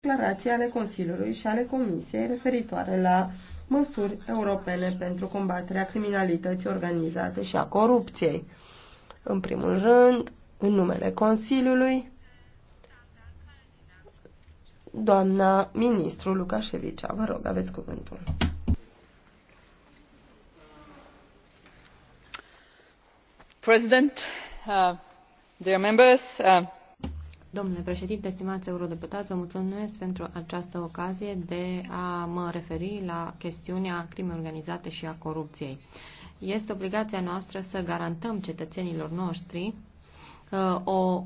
declarații ale Consiliului și ale Comisiei referitoare la măsuri europene pentru combaterea criminalității organizate și a corupției. În primul rând, în numele Consiliului, doamna ministru Lucașevicea, vă rog, aveți cuvântul. President, uh, dear members, uh, Domnule președinte, stimați eurodeputați, vă mulțumesc pentru această ocazie de a mă referi la chestiunea crimei organizate și a corupției. Este obligația noastră să garantăm cetățenilor noștri uh, o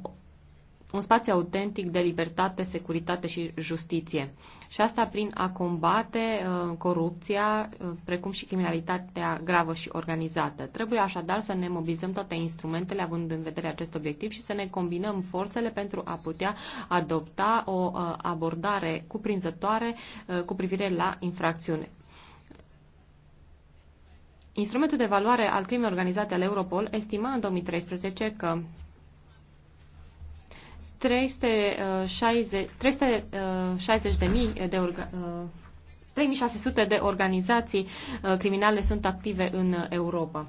un spațiu autentic de libertate, securitate și justiție. Și asta prin a combate uh, corupția, uh, precum și criminalitatea gravă și organizată. Trebuie așadar să ne mobilizăm toate instrumentele având în vedere acest obiectiv și să ne combinăm forțele pentru a putea adopta o uh, abordare cuprinzătoare uh, cu privire la infracțiune. Instrumentul de valoare al crimei organizate al Europol estima în 2013 că 360, uh, uh, de mii de orga, 3600 uh, de organizații criminale sunt active în Europa.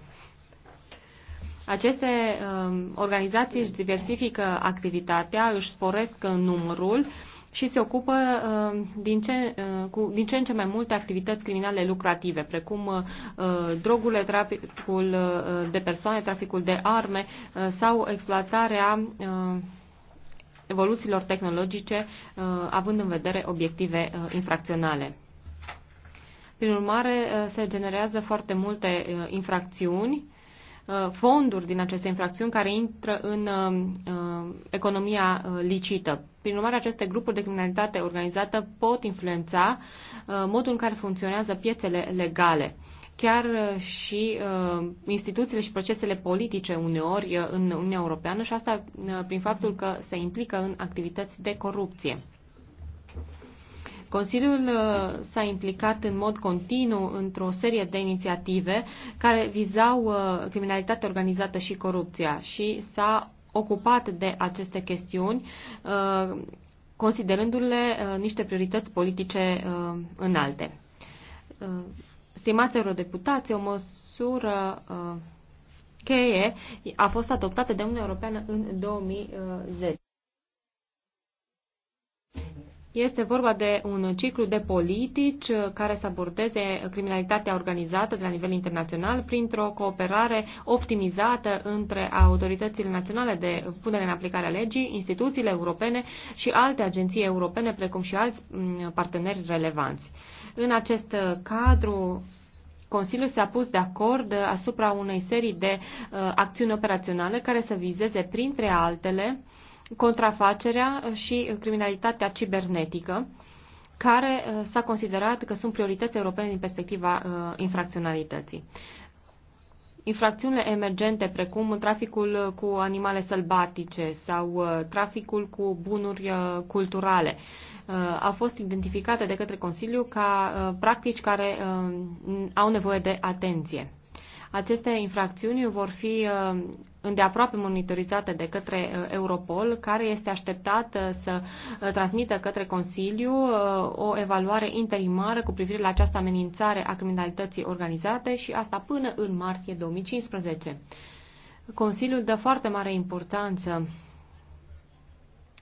Aceste um, organizații își diversifică activitatea, își sporesc numărul și se ocupă um, din ce, cu din ce în ce mai multe activități criminale lucrative, precum drogurile, traficul de persoane, traficul de arme sau exploatarea evoluțiilor tehnologice, uh, având în vedere obiective uh, infracționale. Prin urmare, uh, se generează foarte multe infracțiuni, fonduri din aceste infracțiuni care intră în economia licită. Prin urmare, aceste grupuri de criminalitate organizată pot influența modul în care funcționează piețele legale. Chiar uh, și uh, instituțiile și procesele politice uneori uh, în Uniunea Europeană și asta uh, prin faptul că se implică în activități de corupție. Consiliul uh, s-a implicat în mod continuu într-o serie de inițiative care vizau criminalitatea organizată și corupția și s-a ocupat de aceste chestiuni, considerându-le niște priorități politice înalte. Stimați eurodeputați, o măsură uh, cheie a fost adoptată de Uniunea Europeană în 2010. Este vorba de un ciclu de politici uh, care să abordeze criminalitatea organizată de la nivel internațional printr-o cooperare optimizată între autoritățile naționale de punere în aplicare a legii, instituțiile europene și alte agenții europene, precum și alți mm, parteneri relevanți. În acest uh, cadru, Consiliul s-a pus de acord uh, asupra unei serii de uh, acțiuni operaționale care să vizeze, printre altele, contrafacerea și criminalitatea cibernetică, care uh, s-a considerat că sunt priorități europene din perspectiva uh, infracționalității. Infracțiunile emergente, precum traficul uh, cu animale sălbatice sau traficul cu bunuri culturale, uh, Uh, a fost identificate de către Consiliu ca uh, practici care uh, au nevoie de atenție. Aceste infracțiuni vor fi îndeaproape monitorizate de către Europol, care este așteptat să transmită către Consiliu o evaluare interimară cu privire la această amenințare a criminalității organizate și asta până în martie 2015. Consiliul dă foarte mare importanță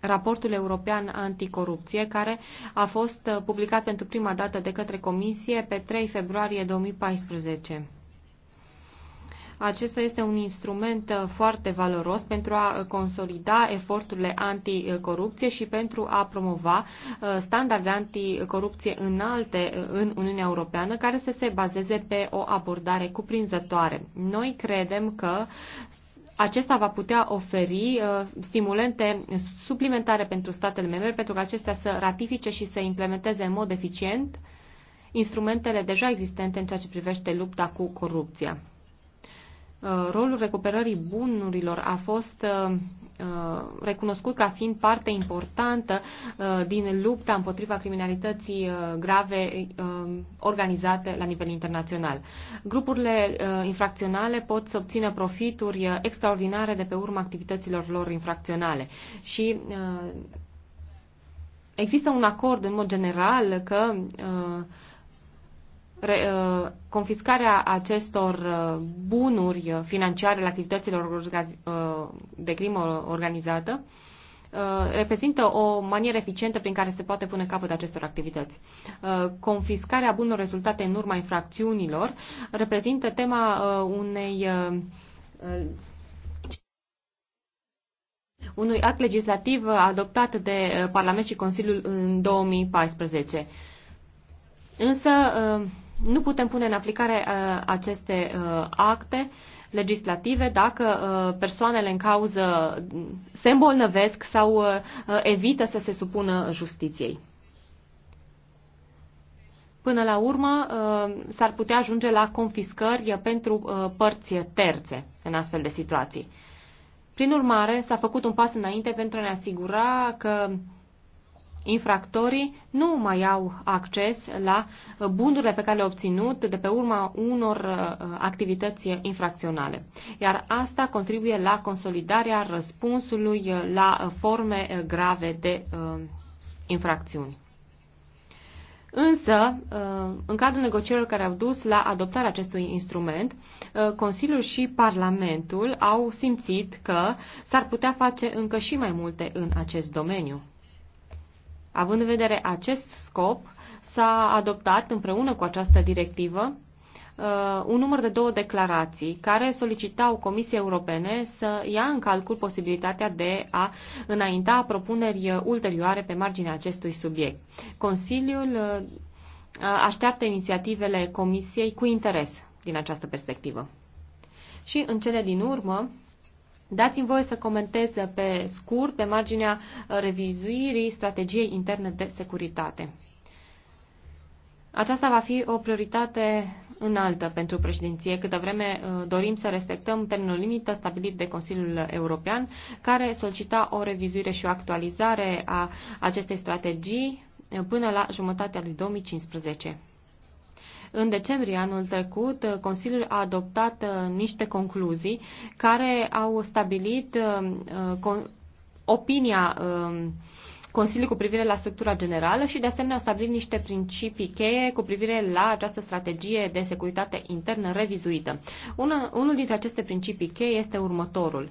raportul european anticorupție, care a fost uh, publicat pentru prima dată de către Comisie pe 3 februarie 2014. Acesta este un instrument uh, foarte valoros pentru a uh, consolida eforturile anticorupție și pentru a promova standarde anticorupție înalte în Uniunea Europeană care să se bazeze pe o abordare cuprinzătoare. Noi credem că acesta va putea oferi uh, stimulente suplimentare pentru statele membre pentru că acestea să ratifice și să implementeze în mod eficient instrumentele deja existente în ceea ce privește lupta cu corupția. Uh, rolul recuperării bunurilor a fost uh, Uh, recunoscut ca fiind parte importantă uh, din lupta împotriva criminalității uh, grave organizate la nivel internațional. Grupurile infracționale pot să obțină profituri extraordinare de pe urma activităților lor infracționale și Există un acord în mod general că uh, Uh, confiscarea acestor uh, bunuri financiare la activităților uh, de crimă organizată reprezintă o manieră eficientă prin care se poate pune capăt acestor activități. Confiscarea bunurilor rezultate în urma infracțiunilor reprezintă tema unei unui act legislativ adoptat de Parlament și Consiliul în 2014. Însă, nu putem pune în aplicare uh, aceste uh, acte legislative dacă uh, persoanele în cauză se îmbolnăvesc sau evită să se supună justiției. Până la urmă, s-ar putea ajunge la confiscări pentru părți terțe în astfel de situații. Prin urmare, s-a făcut un pas înainte pentru a ne asigura că infractorii nu mai au acces la uh, bunurile pe care le-au obținut de pe urma unor uh, activități infracționale. Iar asta contribuie la consolidarea răspunsului uh, la forme grave de infracțiuni. Însă, în cadrul negocierilor care au dus la adoptarea acestui instrument, Consiliul și Parlamentul au simțit că s-ar putea face încă și mai multe în acest domeniu. Având în vedere acest scop, s-a adoptat împreună cu această directivă uh, un număr de două declarații care solicitau Comisiei Europene să ia în calcul posibilitatea de a înainta propuneri ulterioare pe marginea acestui subiect. Consiliul uh, așteaptă inițiativele Comisiei cu interes din această perspectivă. Și în cele din urmă, Dați-mi voie să comentez pe scurt, pe marginea uh, revizuirii strategiei interne de securitate. Aceasta va fi o prioritate înaltă pentru președinție, câtă vreme uh, dorim să respectăm termenul limită stabilit de Consiliul European, care solicita o revizuire și o actualizare a acestei strategii uh, până la jumătatea lui 2015. În decembrie anul trecut, Consiliul a adoptat uh, niște concluzii care au stabilit uh, uh, opinia um, Consiliului cu privire la structura generală și de asemenea au stabilit niște principii cheie cu privire la această strategie de securitate internă revizuită. unul dintre aceste principii cheie este următorul.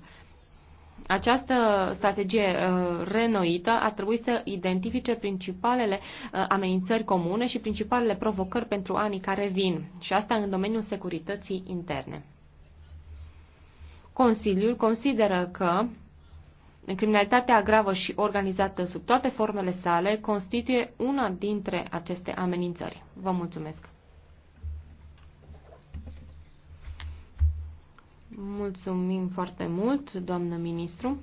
Această strategie uh, renoită ar trebui să identifice principalele uh, amenințări comune și principalele provocări pentru anii care vin, și asta în domeniul securității interne. Consiliul consideră că criminalitatea gravă și organizată sub toate formele sale constituie una dintre aceste amenințări. Vă mulțumesc! Mulțumim foarte mult, doamnă ministru,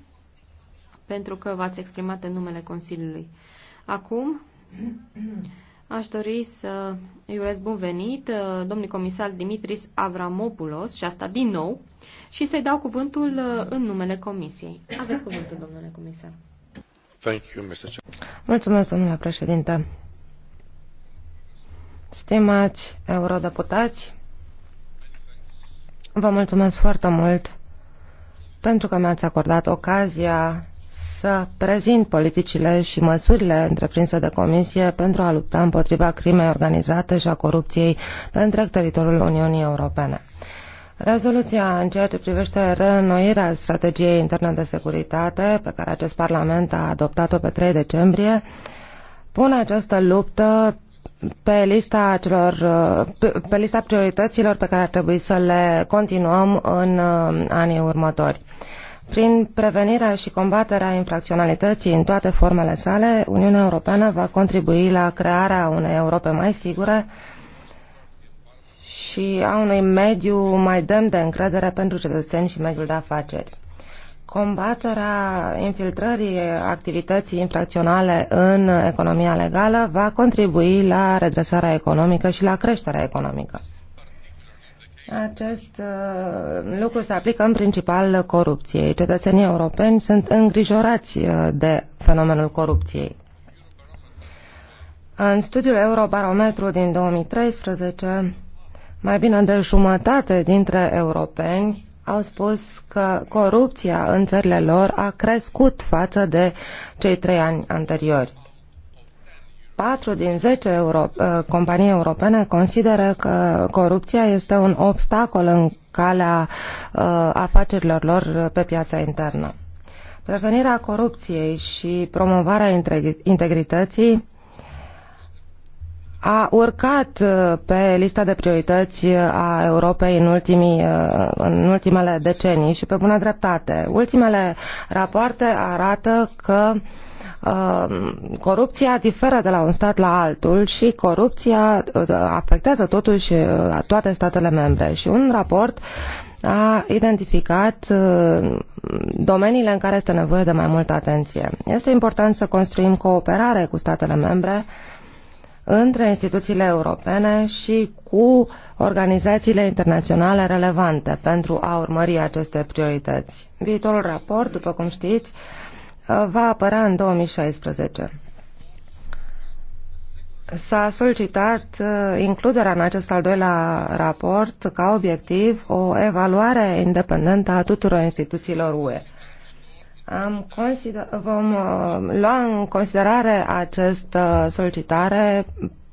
pentru că v-ați exprimat în numele Consiliului. Acum aș dori să îi urez bun venit uh, domnului comisar Dimitris Avramopoulos, și asta din nou, și să-i dau cuvântul uh, în numele Comisiei. Aveți cuvântul, domnule comisar. Thank you, Mr. Mulțumesc, domnule președinte. Stimați eurodeputați, Vă mulțumesc foarte mult pentru că mi-ați acordat ocazia să prezint politicile și măsurile întreprinse de Comisie pentru a lupta împotriva crimei organizate și a corupției pe întreg teritoriul Uniunii Europene. Rezoluția în ceea ce privește reînnoirea strategiei interne de securitate, pe care acest Parlament a adoptat-o pe 3 decembrie, pune această luptă pe lista, celor, pe, pe lista priorităților pe care ar trebui să le continuăm în uh, anii următori. Prin prevenirea și combaterea infracționalității în toate formele sale, Uniunea Europeană va contribui la crearea unei Europe mai sigure și a unui mediu mai demn de încredere pentru cetățeni și mediul de afaceri. Combaterea infiltrării activității infracționale în economia legală va contribui la redresarea economică și la creșterea economică. Acest uh, lucru se aplică în principal corupției. Cetățenii europeni sunt îngrijorați uh, de fenomenul corupției. În studiul Eurobarometru din 2013, mai bine de jumătate dintre europeni au spus că corupția în țările lor a crescut față de cei trei ani anteriori. Patru din zece euro, uh, companii europene consideră că corupția este un obstacol în calea uh, afacerilor lor pe piața internă. Prevenirea corupției și promovarea integrității a urcat uh, pe lista de priorități uh, a Europei în, ultimii, uh, în ultimele decenii și pe bună dreptate. Ultimele rapoarte arată că corupția diferă de la un stat la altul și corupția afectează totuși toate statele membre. Și un raport a identificat domeniile în care este nevoie de mai multă atenție. Este important să construim cooperare cu statele membre uh, între instituțiile europene și cu organizațiile internaționale relevante pentru a urmări aceste priorități. Viitorul raport, după cum știți, va apărea în 2016. S-a solicitat uh, includerea în acest al doilea raport ca obiectiv o evaluare independentă a tuturor instituțiilor UE. Am vom uh, lua în considerare această solicitare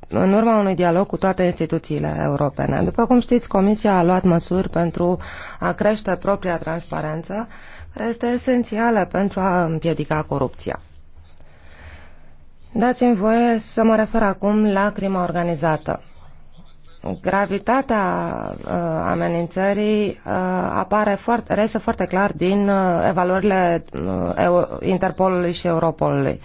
în urma unui dialog cu toate instituțiile europene. După cum știți, Comisia a luat măsuri pentru a crește propria transparență, care este esențială pentru a împiedica corupția. Dați-mi voie să mă refer acum la crima organizată. Gravitatea uh, amenințării uh, apare foarte, reiese foarte clar din uh, evaluările uh, Interpolului și Europolului.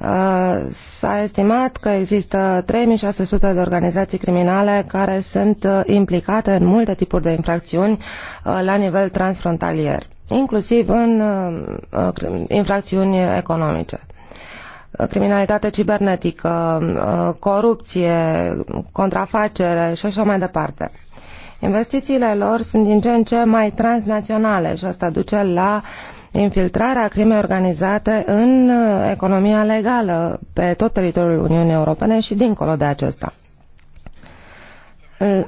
Uh, S-a estimat că există 3600 de organizații criminale care sunt uh, implicate în multe tipuri de infracțiuni uh, la nivel transfrontalier, inclusiv în uh, uh, infracțiuni economice criminalitate cibernetică, uh, corupție, contrafacere și așa mai departe. Investițiile lor sunt din ce în ce mai transnaționale și asta duce la infiltrarea crimei organizate în economia legală pe tot teritoriul Uniunii Europene și dincolo de acesta.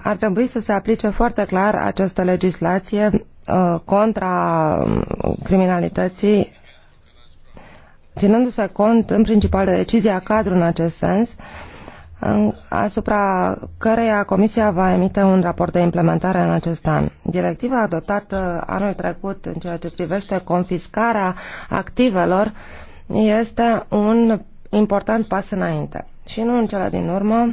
Ar trebui să se aplice foarte clar această legislație uh, contra um, criminalității ținându-se cont în principal de decizia cadru în acest sens, asupra căreia Comisia va emite un raport de implementare în acest an. Directiva adoptată anul trecut în ceea ce privește confiscarea activelor este un important pas înainte. Și nu în cele din urmă,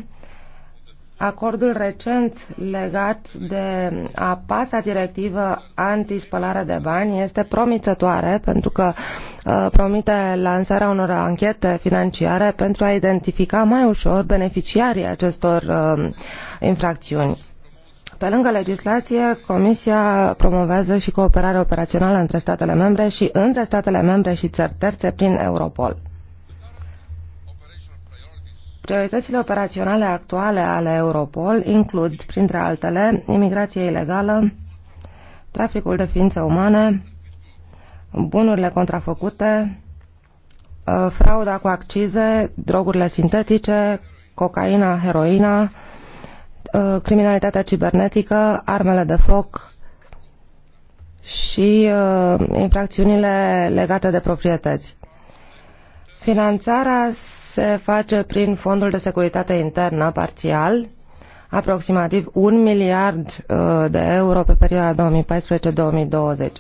acordul recent legat de a pasa directivă antispălare de bani este promițătoare pentru că Uh, promite lansarea unor anchete financiare pentru a identifica mai ușor beneficiarii acestor uh, infracțiuni. Pe lângă legislație, Comisia promovează și cooperarea operațională între statele membre și între statele membre și țări terțe prin Europol. Prioritățile operaționale actuale ale Europol includ, printre altele, imigrație ilegală, traficul de ființe umane, bunurile contrafăcute, ă, frauda cu accize, drogurile sintetice, cocaina, heroina, ă, criminalitatea cibernetică, armele de foc și ă, infracțiunile legate de proprietăți. Finanțarea se face prin Fondul de Securitate Internă parțial, aproximativ un miliard de euro pe perioada 2014-2020.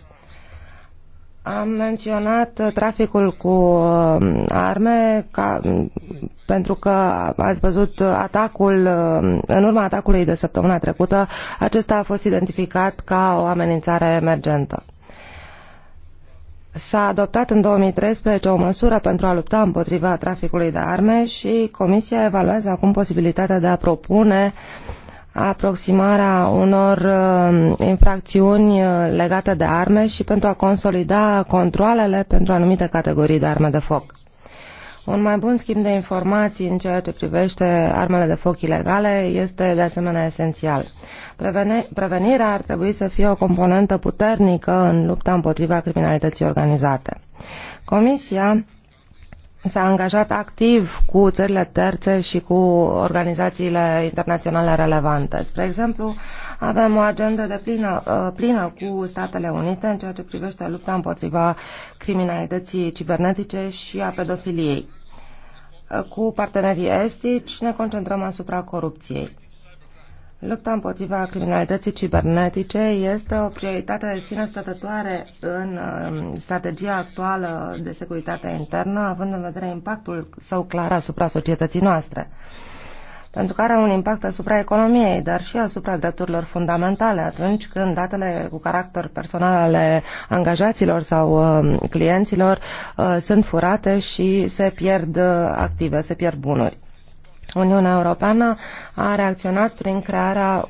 Am menționat uh, traficul cu uh, arme ca, mm, pentru că ați văzut uh, atacul, în urma atacului de săptămâna trecută, acesta a fost identificat ca o amenințare emergentă. S-a adoptat în 2013 o măsură pentru a lupta împotriva traficului de arme și Comisia evaluează acum posibilitatea de a propune uh, aproximarea unor uh, infracțiuni uh, legate de arme și pentru a consolida controlele pentru anumite categorii de arme de foc. Un mai bun schimb de informații în ceea ce privește armele de foc ilegale este de asemenea esențial. Prevenirea ar trebui să fie o componentă puternică în lupta împotriva criminalității organizate. Comisia s-a angajat activ cu țările terțe și cu organizațiile internaționale relevante. Spre exemplu, avem o agendă de plină, uh, plină cu Statele Unite în ceea ce privește lupta împotriva criminalității cibernetice și a pedofiliei. Uh, cu partenerii estici ne concentrăm asupra corupției. Lupta împotriva criminalității cibernetice este o prioritate de sine stătătoare în um, strategia actuală de securitate internă, având în vedere impactul său clar asupra societății noastre pentru că are un impact asupra economiei, dar și asupra drepturilor fundamentale atunci când datele cu caracter personal ale angajaților sau um, clienților uh, sunt furate și se pierd uh, active, se pierd bunuri. Uniunea Europeană a reacționat prin crearea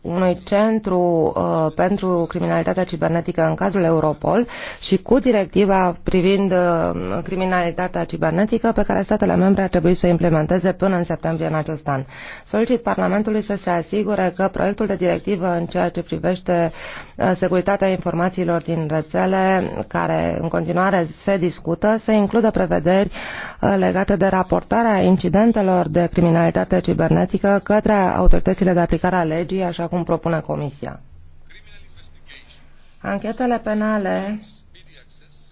unui centru uh, pentru criminalitatea cibernetică în cadrul Europol și cu directiva privind uh, criminalitatea cibernetică pe care statele membre ar trebui să o implementeze până în septembrie în acest an. Solicit Parlamentului să se asigure că proiectul de directivă în ceea ce privește uh, securitatea informațiilor din rețele, care în continuare se discută, să includă prevederi uh, legate de raportarea incidentelor de criminalitate cibernetică către autoritățile de aplicare a legii, așa cum propune Comisia. Anchetele penale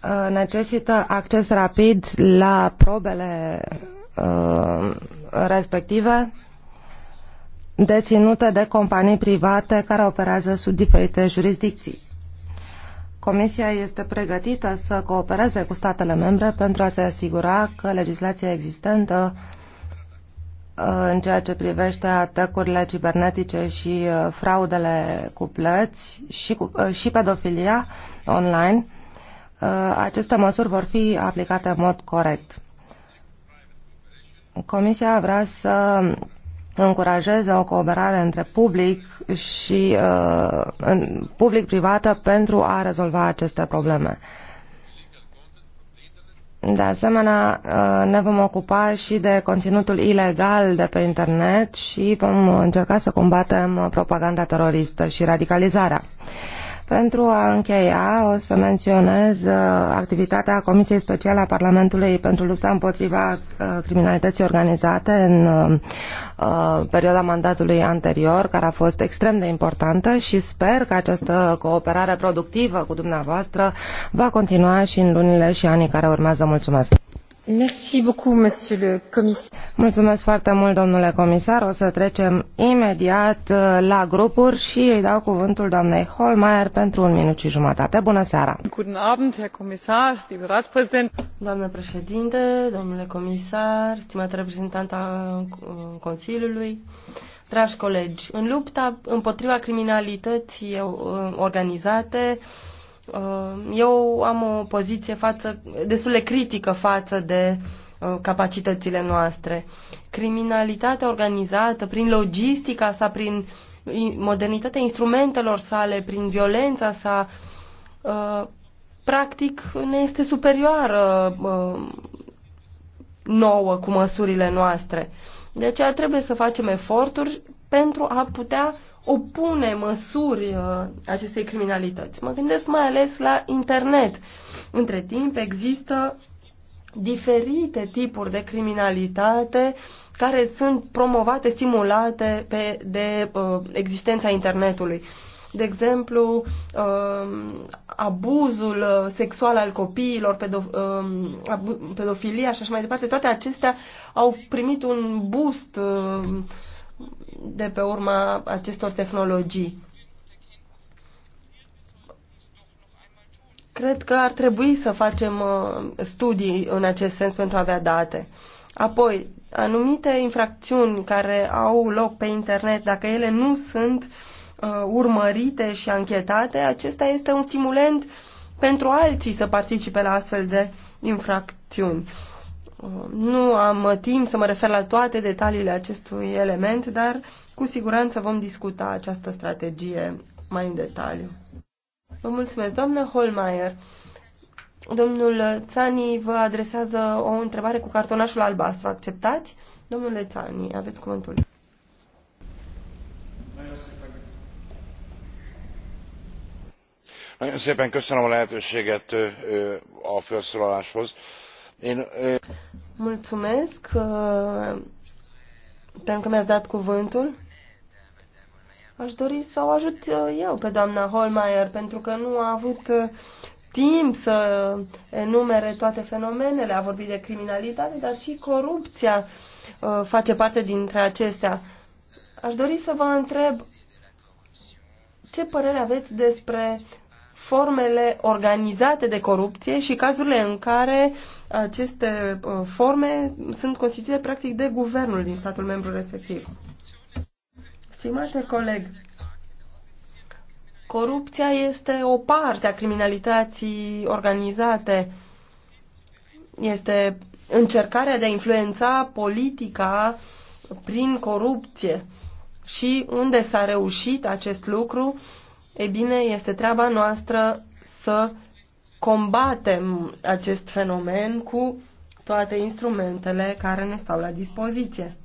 uh, necesită acces rapid la probele uh, respective deținute de companii private care operează sub diferite jurisdicții. Comisia este pregătită să coopereze cu statele membre pentru a se asigura că legislația existentă în ceea ce privește atacurile cibernetice și uh, fraudele cu plăți și, cu, uh, și pedofilia online, uh, aceste măsuri vor fi aplicate în mod corect. Comisia vrea să încurajeze o cooperare între public și uh, public-privată pentru a rezolva aceste probleme. Uh, de asemenea, uh, ne vom ocupa și de conținutul ilegal de pe internet și vom încerca să combatem propaganda teroristă și radicalizarea. Pentru a încheia, o să menționez uh, activitatea Comisiei Speciale a Parlamentului pentru lupta împotriva uh, criminalității organizate în uh, perioada mandatului anterior, care a fost extrem de importantă și sper că această cooperare productivă cu dumneavoastră va continua și în lunile și anii care urmează. Mulțumesc! Mulțumesc foarte mult, domnule comisar. O să trecem imediat uh, la grupuri și îi dau cuvântul doamnei hohlmeier pentru un minut și jumătate. Bună seara! Guten Abend, Herr Kommissar, Doamnă președinte, domnule comisar, stimată reprezentantă a uh, Consiliului, dragi colegi, în lupta împotriva criminalității uh, organizate, Uh, eu am o poziție față, destul de critică față de uh, capacitățile noastre. Criminalitatea organizată, prin logistica sa, prin modernitatea instrumentelor sale, prin violența sa, uh, practic ne este superioară nouă cu măsurile noastre. De deci, aceea trebuie să facem eforturi pentru a putea opune măsuri uh, acestei criminalități. Mă gândesc mai ales la internet. Între timp există diferite tipuri de criminalitate care sunt promovate, stimulate pe, de uh, existența internetului. De exemplu, uh, abuzul uh, sexual al copiilor, pedof, uh, pedofilia și așa mai departe, toate acestea au primit un boost uh, de pe urma acestor tehnologii. Cred că ar trebui să facem uh, studii în acest sens pentru a avea date. Apoi, anumite infracțiuni care au loc pe internet, dacă ele nu sunt uh, urmărite și anchetate, acesta este un stimulent pentru alții să participe la astfel de infracțiuni. Nu am timp să mă refer la toate detaliile acestui element, dar cu siguranță vom discuta această strategie mai în detaliu. Vă mulțumesc, doamnă Holmeier. Domnul Țani vă adresează o întrebare cu cartonașul albastru. Acceptați? Domnule Țani, aveți cuvântul. Nagyon szépen köszönöm a lehetőséget a felszólaláshoz. Uh, Mulțumesc uh, pentru că mi-ați dat cuvântul. Aș dori să o ajut uh, eu pe doamna Holmeier, pentru că nu a avut timp să enumere toate fenomenele. A vorbit de criminalitate, dar și corupția face parte dintre acestea. Aș dori să vă întreb ce părere aveți despre formele organizate de corupție și cazurile în care aceste uh, forme sunt constituite practic de guvernul din statul membru respectiv. Stimate coleg, corupția este o parte a criminalității organizate. Este încercarea de a influența politica prin corupție. Și unde s-a reușit acest lucru, e bine, este treaba noastră să combatem acest fenomen cu toate instrumentele care ne stau la dispoziție.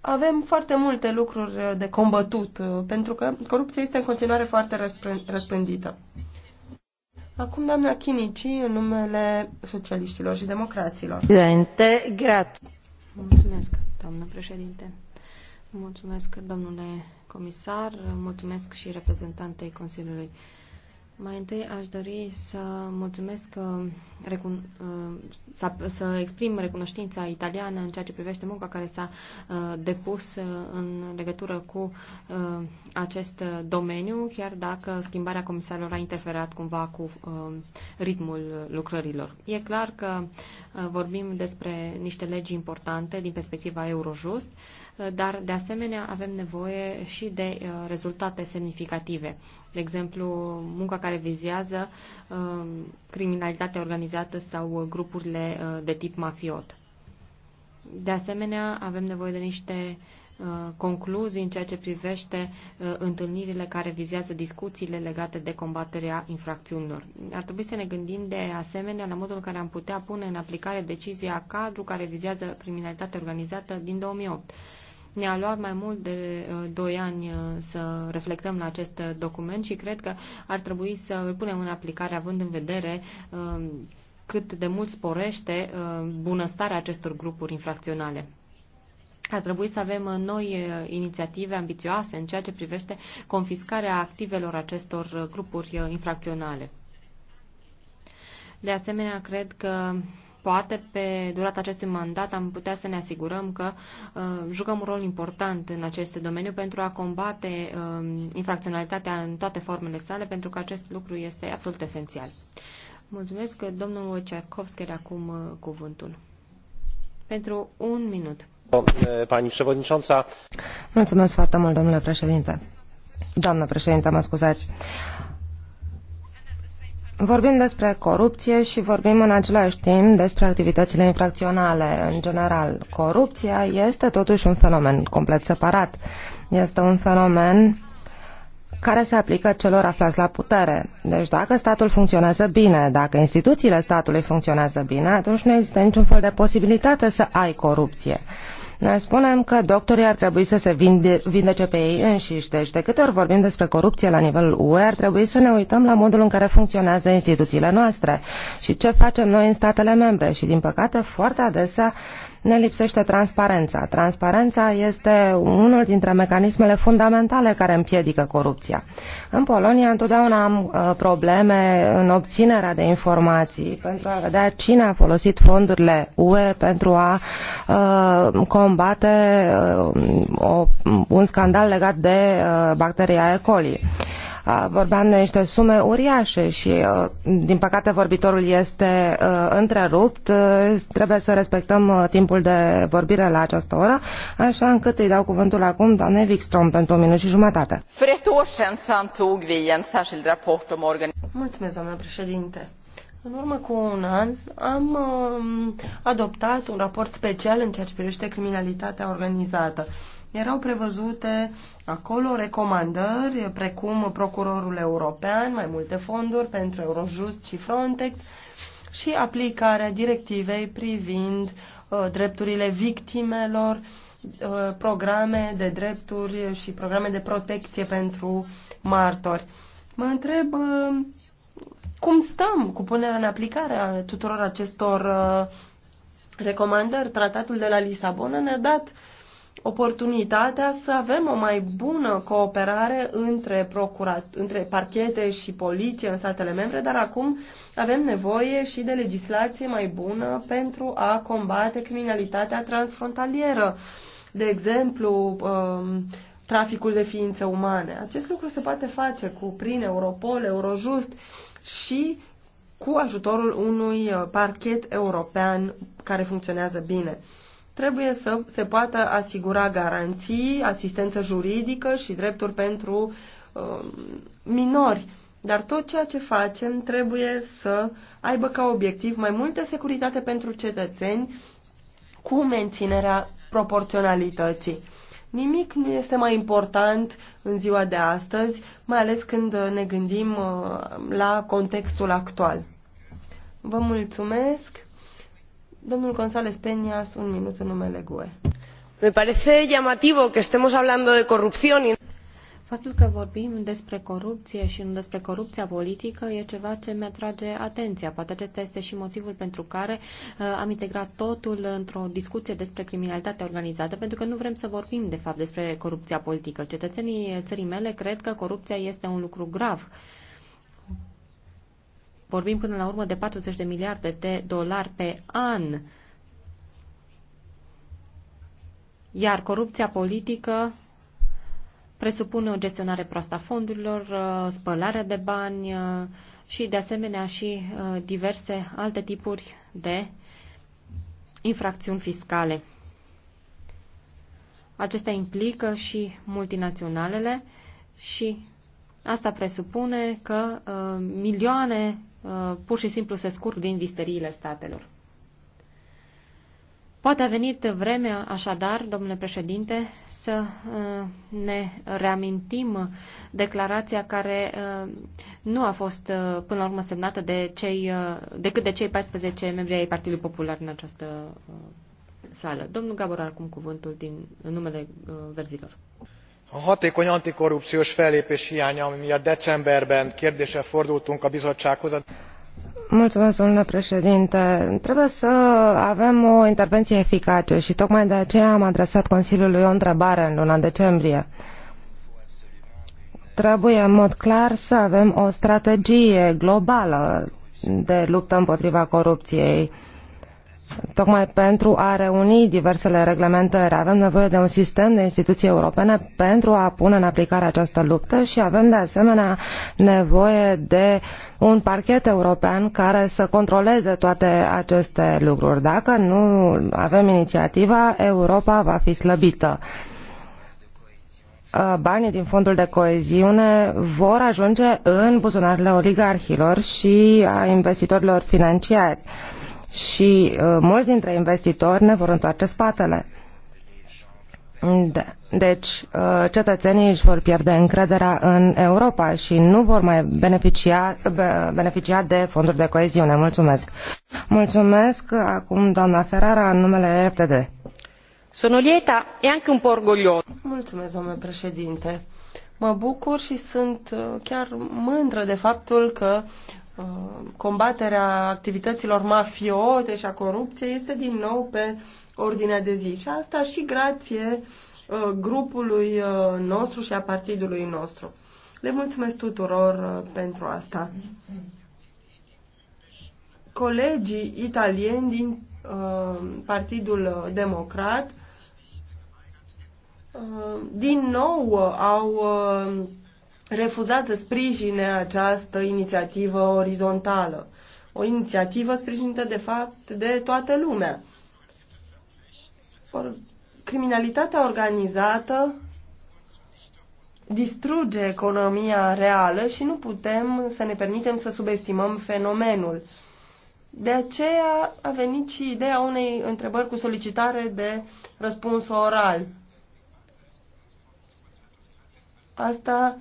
Avem foarte multe lucruri de combătut, pentru că corupția este în continuare foarte răspândită. Acum, doamna Chinici, în numele socialiștilor și democraților. Mulțumesc, doamnă președinte. Mulțumesc, domnule comisar, mulțumesc și reprezentantei Consiliului. Mai întâi aș dori să mulțumesc, uh, uh, să, să exprim recunoștința italiană în ceea ce privește munca care s-a uh, depus în legătură cu acest domeniu, chiar dacă schimbarea comisarilor a interferat cumva cu ritmul lucrărilor. E clar că vorbim despre niște legi importante din perspectiva Eurojust, dar de asemenea avem nevoie și de uh, rezultate semnificative. De exemplu, munca care vizează um, criminalitatea organizată sau grupurile uh, de tip mafiot. De asemenea, avem nevoie de niște uh, concluzii în ceea ce privește întâlnirile care vizează discuțiile legate de combaterea infracțiunilor. Ar trebui să ne gândim de asemenea la modul în care am putea pune în aplicare decizia cadru care vizează criminalitatea organizată din 2008. Ne-a luat mai mult de uh, doi ani uh, să reflectăm la acest uh, document și cred că ar trebui să îl punem în aplicare având în vedere um, cât de mult sporește bunăstarea acestor grupuri infracționale. Ar trebui să avem noi inițiative ambițioase în ceea ce privește confiscarea activelor acestor grupuri infracționale. De asemenea, cred că poate pe durata acestui mandat am putea să ne asigurăm că uh, jucăm un rol important în acest domeniu pentru a combate uh, infracționalitatea în toate formele sale, pentru că acest lucru este absolut esențial. Mulțumesc, domnul Wojciechowski, are acum uh, cuvântul. Pentru un minut. Pani Mulțumesc foarte mult, domnule președinte. Doamnă președinte, mă scuzați. Uh, Vorbim despre corupție și vorbim în același timp despre activitățile infracționale în general. Corupția este totuși un fenomen complet separat. Este un fenomen care se aplică celor aflați la putere. Deci dacă statul funcționează bine, dacă instituțiile statului funcționează bine, atunci nu există niciun fel de posibilitate să ai corupție. Ne spunem că doctorii ar trebui să se vindece pe ei înșiși. Deci, de câte ori vorbim despre corupție la nivelul UE, ar trebui să ne uităm la modul în care funcționează instituțiile noastre și ce facem noi în statele membre. Și, din păcate, foarte adesea ne lipsește transparența. Transparența este unul dintre mecanismele fundamentale care împiedică corupția. În Polonia întotdeauna am uh, probleme în obținerea de informații pentru a vedea cine a folosit fondurile UE pentru a uh, combate uh, un scandal legat de bacteria E. coli vorbeam de niște sume uriașe și, din păcate, vorbitorul este întrerupt. Trebuie să respectăm timpul de vorbire la această oră, așa încât îi dau cuvântul acum doamnei Wikström pentru un minut și jumătate. Mulțumesc, doamnă președinte. În urmă cu un an am um, adoptat un raport special în ceea ce privește criminalitatea organizată erau prevăzute acolo recomandări precum procurorul european, mai multe fonduri pentru Eurojust și Frontex și aplicarea directivei privind uh, drepturile victimelor, uh, programe de drepturi și programe de protecție pentru martori. Mă întreb uh, cum stăm cu punerea în aplicare a tuturor acestor uh, recomandări. Tratatul de la Lisabona ne-a dat uh, oportunitatea să avem o mai bună cooperare între, procurat, între parchete și poliție în statele membre, dar acum avem nevoie și de legislație mai bună pentru a combate criminalitatea transfrontalieră. De exemplu, um, traficul de ființe umane. Acest lucru se poate face cu prin Europol, Eurojust și cu ajutorul unui parchet european care funcționează bine trebuie să se poată asigura garanții, asistență juridică și drepturi pentru um, minori. Dar tot ceea ce facem trebuie să aibă ca obiectiv mai multă securitate pentru cetățeni cu menținerea proporționalității. Nimic nu este mai important în ziua de astăzi, mai ales când ne gândim uh, la contextul actual. Vă mulțumesc! Domnul González Peñas, un minut în numele GUE. Me parece llamativo que estemos hablando de corrupción y Faptul că vorbim despre corupție și nu despre corupția politică e ceva ce mi-atrage atenția. Poate acesta este și motivul pentru care uh, am integrat totul într-o discuție despre criminalitatea organizată, pentru că nu vrem să vorbim, de fapt, despre corupția politică. Cetățenii țării mele cred că corupția este un lucru grav. Uh, Vorbim până la urmă de 40 de miliarde de dolari pe an. Iar corupția politică presupune o gestionare proastă a fondurilor, uh, spălarea de bani uh, și, de asemenea, și uh, diverse alte tipuri de infracțiuni fiscale. Acestea implică și multinaționalele și asta presupune că uh, milioane Uh, pur și simplu se scurg din visteriile statelor. Poate a venit vremea, așadar, domnule președinte, să uh, ne reamintim declarația care uh, nu a fost până la urmă semnată de cei, decât de cei 14 membri ai Partidului Popular în această sală. Domnul Gabor, acum cuvântul din, numele verzilor a hatékony antikorrupciós fellépés hiánya miatt decemberben kérdéssel fordultunk a bizottsághoz a Mulțumesc, domnule președinte. Trebuie să avem o intervenție eficace și tocmai de aceea am adresat Consiliului o întrebare în luna decembrie. Trebuie în mod clar să avem o strategie globală de luptă împotriva corupției tocmai pentru a reuni diversele reglementări. Avem nevoie de un sistem de instituții europene pentru a pune în aplicare această luptă și avem de asemenea nevoie de un parchet european care să controleze toate aceste lucruri. Dacă nu avem inițiativa, Europa va fi slăbită uh, banii din fondul de coeziune vor ajunge în buzunarele oligarhilor și a investitorilor financiari și uh, mulți dintre investitori ne vor întoarce spatele. De. Deci, uh, cetățenii își vor pierde încrederea în Europa și nu vor mai beneficia, beneficia de fonduri de coeziune. Mulțumesc. Mulțumesc. Acum, doamna Ferrara, în numele FTD. Sono lieta e anche un po' orgogliosa. Mulțumesc, domnule președinte. Mă bucur și sunt uh, chiar mândră de faptul că Uh, combaterea activităților mafiote și a corupției este din nou pe ordinea de zi. Și asta și grație uh, grupului uh, nostru și a partidului nostru. Le mulțumesc tuturor pentru asta. Colegii italieni din Partidul Democrat din nou au refuzat să sprijine această inițiativă orizontală. O inițiativă sprijinită, de fapt, de toată lumea. Or, criminalitatea organizată distruge economia reală și nu putem să ne permitem să subestimăm fenomenul. De aceea a venit și ideea unei întrebări cu solicitare de răspuns oral. Asta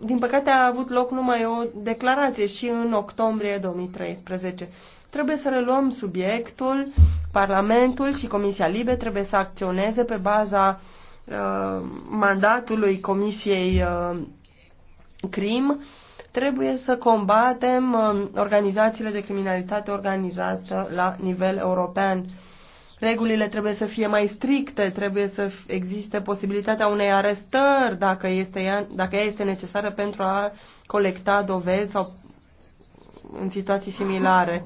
din păcate a avut loc numai o declarație și în octombrie 2013. Trebuie să reluăm subiectul, Parlamentul și Comisia Libe trebuie să acționeze pe baza uh, mandatului Comisiei uh, CRIM, trebuie să combatem uh, organizațiile de criminalitate organizată la nivel european. Uh, Regulile trebuie să fie mai stricte, trebuie să existe posibilitatea unei arestări dacă, este ea, dacă ea este necesară pentru a colecta dovezi sau în situații similare.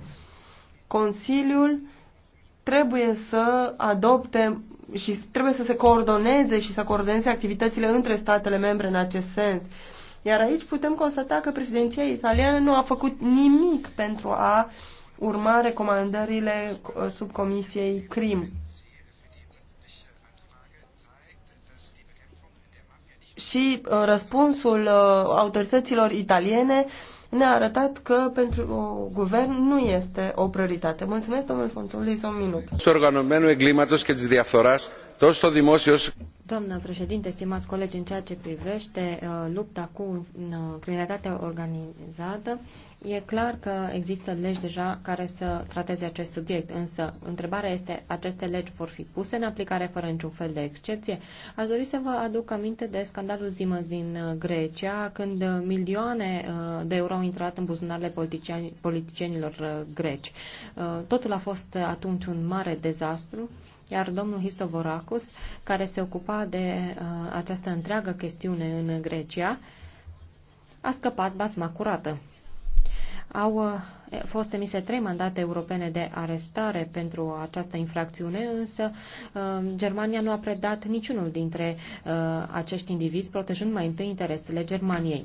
Consiliul trebuie să adopte și trebuie să se coordoneze și să coordoneze activitățile între statele membre în acest sens. Iar aici putem constata că președinția italiană nu a făcut nimic pentru a uh, urma recomandările uh, subcomisiei CRIM. Și uh, răspunsul uh, autorităților italiene ne-a arătat că pentru guvern nu este o prioritate. Mulțumesc, domnul Fontulis, un minut. Organomenul εγκλήματος και της διαφθοράς, τόσο στο δημόσιο Doamnă președinte, stimați colegi, în ceea ce privește uh, lupta cu uh, criminalitatea organizată, e clar că există legi deja care să trateze acest subiect, însă întrebarea este, aceste legi vor fi puse în aplicare fără niciun fel de excepție? Aș dori să vă aduc aminte de scandalul Zimăs din uh, Grecia, când uh, milioane uh, de euro au intrat în buzunarele politicienilor uh, greci. Totul a fost atunci un mare dezastru iar domnul Histovoracus, care se ocupa de uh, această întreagă chestiune în Grecia, a scăpat basma curată. Au uh, fost emise trei mandate europene de arestare pentru această infracțiune, însă uh, Germania nu a predat niciunul dintre uh, acești indivizi, protejând mai întâi interesele Germaniei.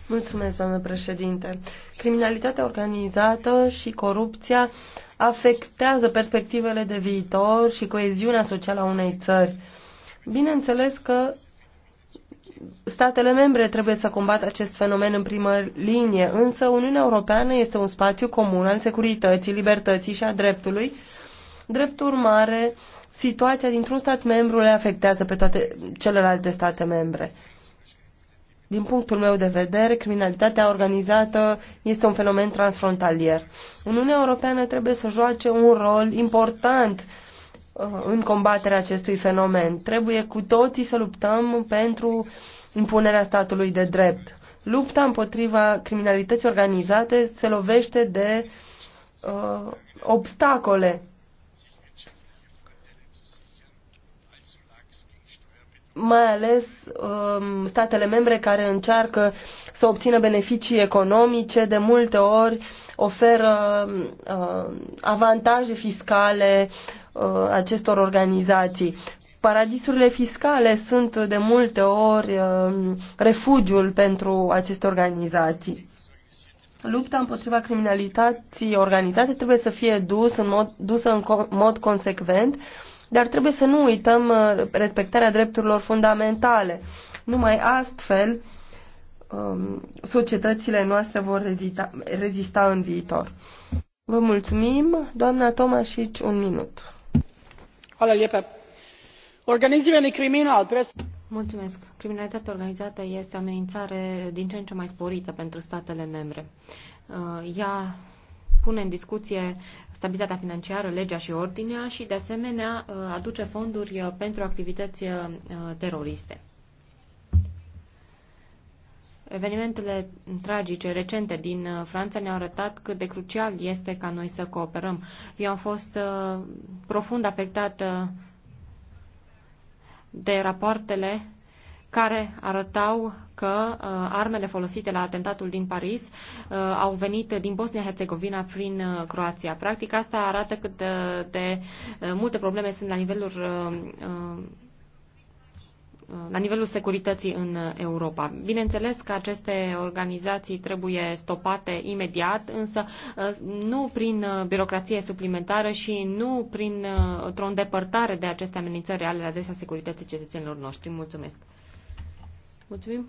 Mulțumesc, doamnă președinte. Criminalitatea organizată și corupția afectează perspectivele de viitor și coeziunea socială a unei țări. Bineînțeles că statele membre trebuie să combată acest fenomen în primă linie, însă Uniunea Europeană este un spațiu comun al securității, libertății și a dreptului. Drept urmare, situația dintr-un stat membru le afectează pe toate celelalte state membre. Din punctul meu de vedere, criminalitatea organizată este un fenomen transfrontalier. Uniunea Europeană trebuie să joace un rol important uh, în combaterea acestui fenomen. Trebuie cu toții să luptăm pentru impunerea statului de drept. Lupta împotriva criminalității organizate se lovește de uh, obstacole mai ales um, statele membre care încearcă să obțină beneficii economice, de multe ori oferă uh, avantaje fiscale uh, acestor organizații. Paradisurile fiscale sunt de multe ori uh, refugiul pentru aceste organizații. Lupta împotriva criminalității organizate trebuie să fie dus în mod, dusă în co mod consecvent uh, dar trebuie să nu uităm uh, respectarea drepturilor fundamentale. Numai astfel um, societățile noastre vor rezista, rezista în viitor. Vă mulțumim. Doamna Tomașici, un minut. Hvala lijepa. Organizirani kriminal Mulțumesc. Criminalitatea organizată este o amenințare din ce în ce mai sporită pentru statele membre. Uh, ea pune în discuție stabilitatea financiară, legea și ordinea și, de asemenea, uh, aduce fonduri uh, pentru activități uh, teroriste. Evenimentele tragice recente din Franța ne-au arătat cât de crucial este ca noi să cooperăm. Eu am fost profund afectată de rapoartele care arătau că uh, armele folosite la atentatul din Paris uh, au venit din Bosnia-Herzegovina prin uh, Croația. Practic asta arată cât de, de multe probleme sunt la nivelul la nivelul securității în Europa. Bineînțeles că aceste organizații trebuie stopate imediat, însă nu prin birocrație suplimentară și nu prin o îndepărtare de aceste amenințări ale la adresa securității cetățenilor noștri. Mulțumesc! Mulțumim.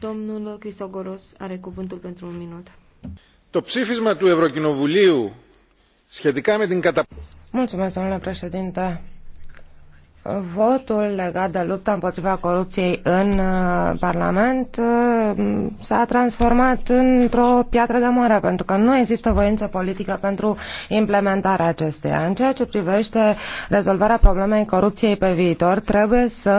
Domnul Crisogoros are cuvântul pentru un minut. Το ψήφισμα του Ευρωκοινοβουλίου σχετικά με την Mulțumesc, domnule președinte. Votul legat de lupta împotriva corupției în uh, Parlament uh, s-a transformat într-o piatră de moară, pentru că nu există voință politică pentru implementarea acesteia. În ceea ce privește rezolvarea problemei corupției pe viitor, trebuie să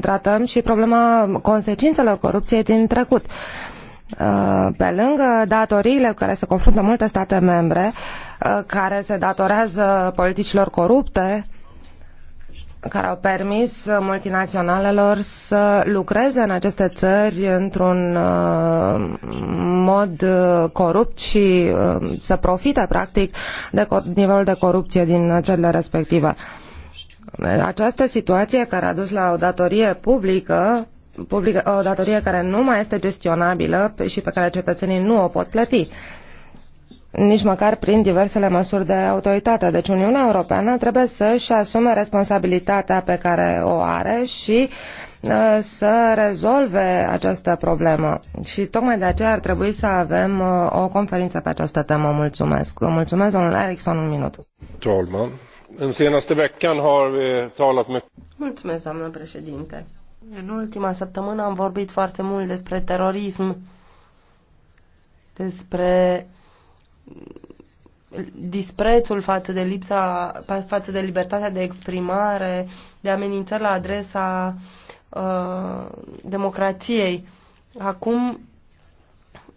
tratăm și problema consecințelor corupției din trecut. Uh, pe lângă datoriile cu care se confruntă multe state membre, care se datorează politicilor corupte, care au permis multinaționalelor să lucreze în aceste țări într-un uh, mod uh, corupt și uh, să profite, practic, de nivelul de corupție din țările respective. Această situație care a dus la o datorie publică publică, o datorie care nu mai este gestionabilă și pe care cetățenii nu o pot plăti nici măcar prin diversele măsuri de autoritate. Deci Uniunea Europeană trebuie să-și asume responsabilitatea pe care o are și uh, să rezolve această problemă. Și tocmai de aceea ar trebui să avem uh, o conferință pe această temă. Mulțumesc. Mulțumesc, domnul Erickson, un minut. În Mulțumesc, doamnă președinte. În ultima săptămână am vorbit foarte mult despre terorism, despre disprețul față de lipsa, față de libertatea de exprimare, de amenințări la adresa uh, democrației. Acum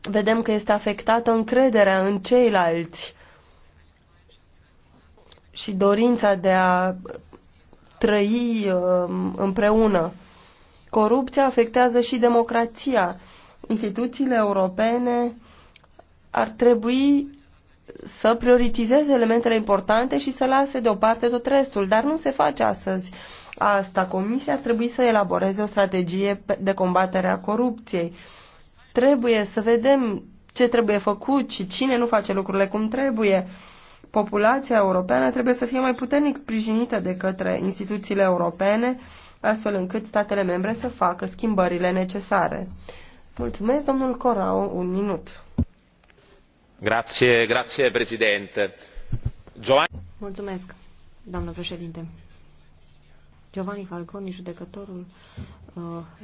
vedem că este afectată încrederea în ceilalți și dorința de a trăi uh, împreună. Corupția afectează și democrația. Instituțiile europene ar trebui să prioritizeze elementele importante și să lase deoparte tot restul, dar nu se face astăzi. Asta Comisia ar trebui să elaboreze o strategie de combatere a corupției. Trebuie să vedem ce trebuie făcut și cine nu face lucrurile cum trebuie. Populația europeană trebuie să fie mai puternic sprijinită de către instituțiile europene, astfel încât statele membre să facă schimbările necesare. Mulțumesc, domnul Corau, un minut domnule președinte. Giovanni... Mulțumesc, Giovanni Falconi, judecătorul uh,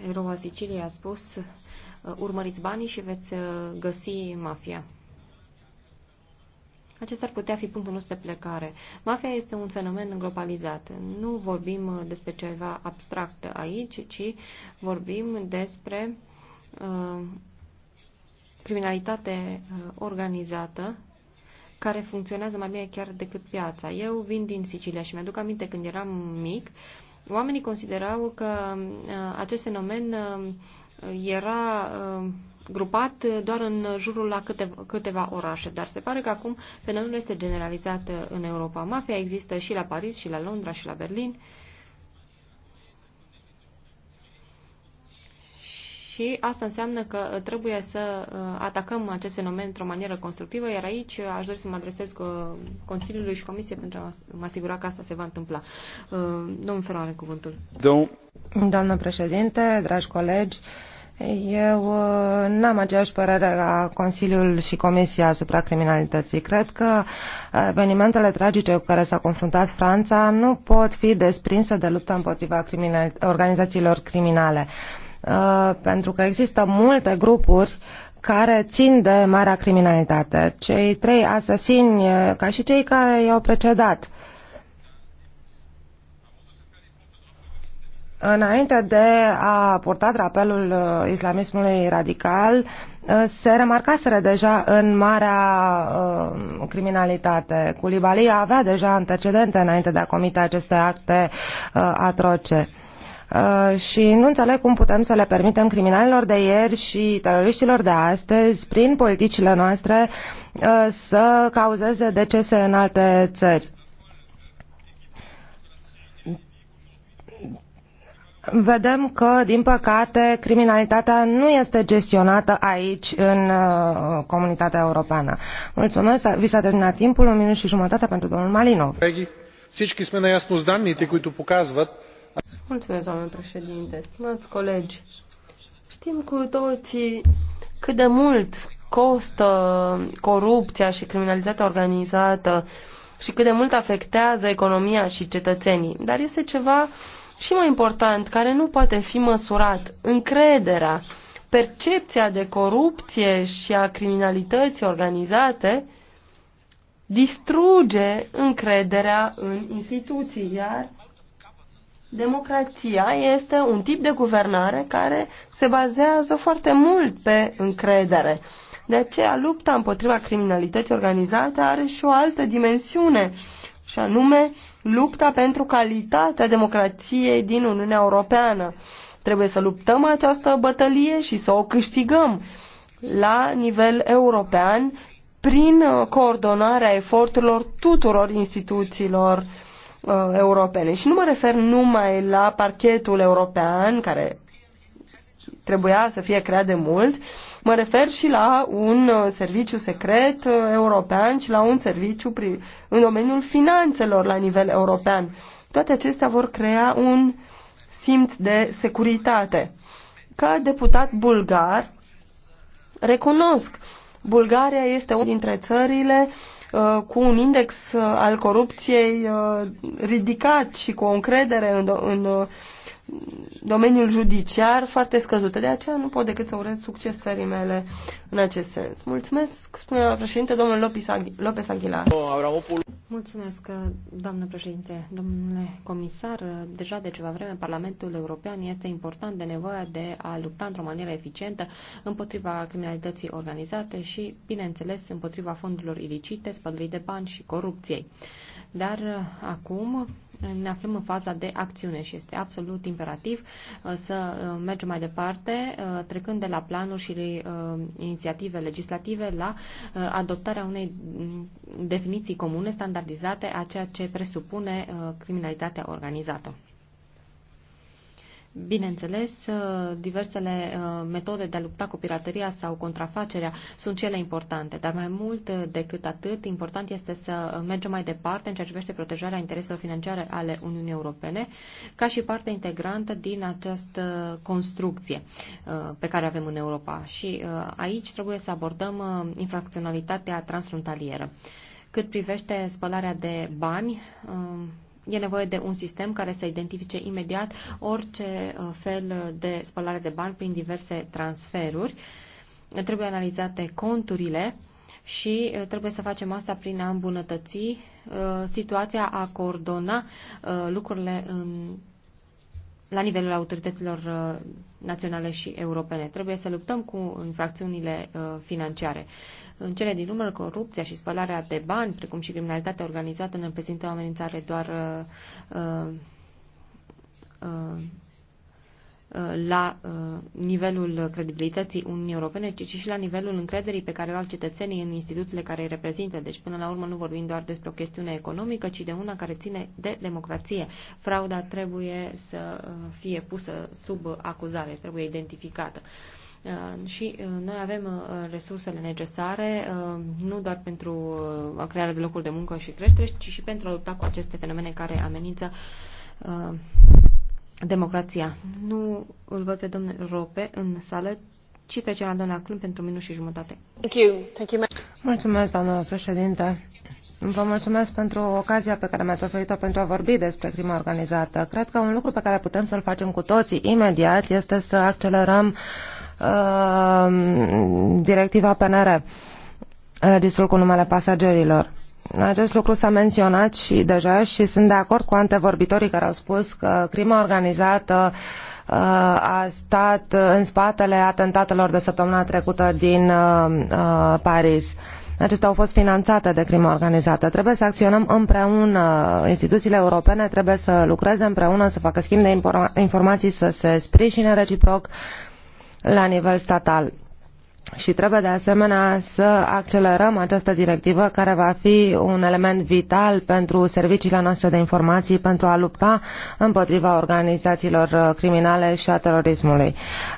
Erova Siciliei, a spus uh, urmăriți banii și veți uh, găsi mafia. Acesta ar putea fi punctul nostru de plecare. Mafia este un fenomen globalizat. Nu vorbim uh, despre ceva abstract aici, ci vorbim despre uh, criminalitate uh, organizată care funcționează mai bine chiar decât piața. Eu vin din Sicilia și mi-aduc aminte când eram mic, oamenii considerau că uh, acest fenomen uh, era grupat doar în jurul la câteva, câteva orașe, dar se pare că acum fenomenul este generalizat în Europa. Mafia există și la Paris, și la Londra, și la Berlin. Uh, Și asta înseamnă că uh, trebuie să uh, atacăm acest fenomen într-o manieră constructivă, iar aici uh, aș dori să mă adresez Consiliului și Comisiei pentru a mă asigura că asta se va întâmpla. Domnul Ferro are cuvântul. Doamnă președinte, dragi colegi, eu n-am aceeași părere a Consiliul și Comisia asupra criminalității. Cred că evenimentele tragice cu care s-a confruntat Franța nu pot fi desprinse de lupta împotriva criminal... organizațiilor criminale. Uh, Uh, pentru că există multe grupuri care țin de marea criminalitate. Cei trei asasini, uh, ca și cei care i-au precedat, Înainte de a purta drapelul uh, islamismului radical, se remarcaseră deja în marea uh, criminalitate. Culibalia avea deja antecedente înainte de a comite aceste acte uh, atroce. Uh, și nu înțeleg cum putem să le permitem criminalilor de ieri și teroriștilor de astăzi, prin politicile noastre, uh, să cauzeze decese în alte țări. Vedem că, din păcate, criminalitatea nu este gestionată aici, în uh, comunitatea europeană. Mulțumesc, vi s-a terminat timpul, un minut și jumătate pentru domnul Malinov. всички сме наясно с данните, които показват, Mulțumesc, doamnă președinte. Stimați colegi, știm cu toții cât de mult costă corupția și criminalitatea organizată și cât de mult afectează economia și cetățenii. Dar este ceva și mai important, care nu poate fi măsurat, încrederea, percepția de corupție și a criminalității organizate distruge încrederea în instituții, iar Democrația este un tip de guvernare care se bazează foarte mult pe încredere. De aceea, lupta împotriva criminalității organizate are și o altă dimensiune, și anume lupta pentru calitatea democrației din Uniunea Europeană. Trebuie să luptăm această bătălie și să o câștigăm la nivel european prin coordonarea eforturilor tuturor instituțiilor uh, europene. Și nu mă refer numai la parchetul european, care trebuia să fie creat de mult, mă refer și la un uh, serviciu secret uh, european și la un serviciu pri- în domeniul finanțelor la nivel european. Toate acestea vor crea un simț de securitate. Ca deputat bulgar, recunosc, Bulgaria este una dintre țările uh, Uh, cu un index uh, al corupției uh, ridicat și cu o încredere în, în domeniul judiciar foarte scăzută. De aceea nu pot decât să urez succes țării mele în acest sens. Mulțumesc, spune președinte, domnul Lopez Aguilar. Mulțumesc, doamnă președinte, domnule comisar. Deja de ceva vreme Parlamentul European este important de nevoia de a lupta într-o manieră eficientă împotriva criminalității organizate și, bineînțeles, împotriva fondurilor ilicite, spălării de bani și corupției. Dar acum ne aflăm în faza de acțiune și este absolut imperativ uh, să uh, mergem mai departe, uh, trecând de la planuri și inițiative legislative la adoptarea unei mm, definiții comune standardizate a ceea ce presupune criminalitatea organizată. Bineînțeles, uh, diversele uh, metode de a lupta cu pirateria sau contrafacerea sunt cele importante, dar mai mult uh, decât atât, important este să mergem mai departe în ceea ce privește protejarea intereselor financiare ale Uniunii Europene, ca și parte integrantă din această construcție pe care avem în Europa. Și aici trebuie să abordăm infracționalitatea transfrontalieră. Cât privește spălarea de bani, E nevoie de un sistem care să identifice imediat orice uh, fel uh, de spălare de bani prin diverse transferuri. Trebuie analizate conturile și uh, trebuie să facem asta prin a îmbunătăți situația, a coordona lucrurile în, la nivelul autorităților naționale și europene. Trebuie să luptăm cu infracțiunile uh, financiare. În cele din urmă, corupția și spălarea de bani, precum și criminalitatea organizată, ne prezintă o amenințare doar uh, uh, uh Uh, la uh, nivelul credibilității Uniunii Europene, ci și la nivelul încrederii pe care o au cetățenii în instituțiile care îi reprezintă. Deci, până la urmă, nu vorbim doar despre o chestiune economică, ci de una care ține de democrație. Frauda trebuie să uh, fie pusă sub acuzare, trebuie identificată și noi avem resursele necesare, nu doar pentru crearea de locuri de muncă și creștere, ci și pentru a lupta cu aceste fenomene care amenință democrația. Nu îl văd pe domnul Rope în sală, ci trecem la doamna Clun pentru minut și jumătate. Thank you. Thank you. Mulțumesc, doamnă președinte. Vă mulțumesc pentru ocazia pe care mi-ați oferit-o pentru a vorbi despre crima organizată. Cred că un lucru pe care putem să-l facem cu toții imediat este să accelerăm uh, directiva PNR, registrul cu numele pasagerilor acest lucru s-a menționat și deja și sunt de acord cu antevorbitorii care au spus că crima organizată uh, a stat în spatele atentatelor de săptămâna trecută din uh, uh, Paris. Acestea au fost finanțate de crimă organizată. Trebuie să acționăm împreună. Instituțiile europene trebuie să lucreze împreună, să facă schimb de informații, să se sprijine reciproc la nivel statal și trebuie de asemenea să accelerăm această directivă care va fi un element vital pentru serviciile noastre de informații pentru a lupta împotriva organizațiilor uh, criminale și a terorismului.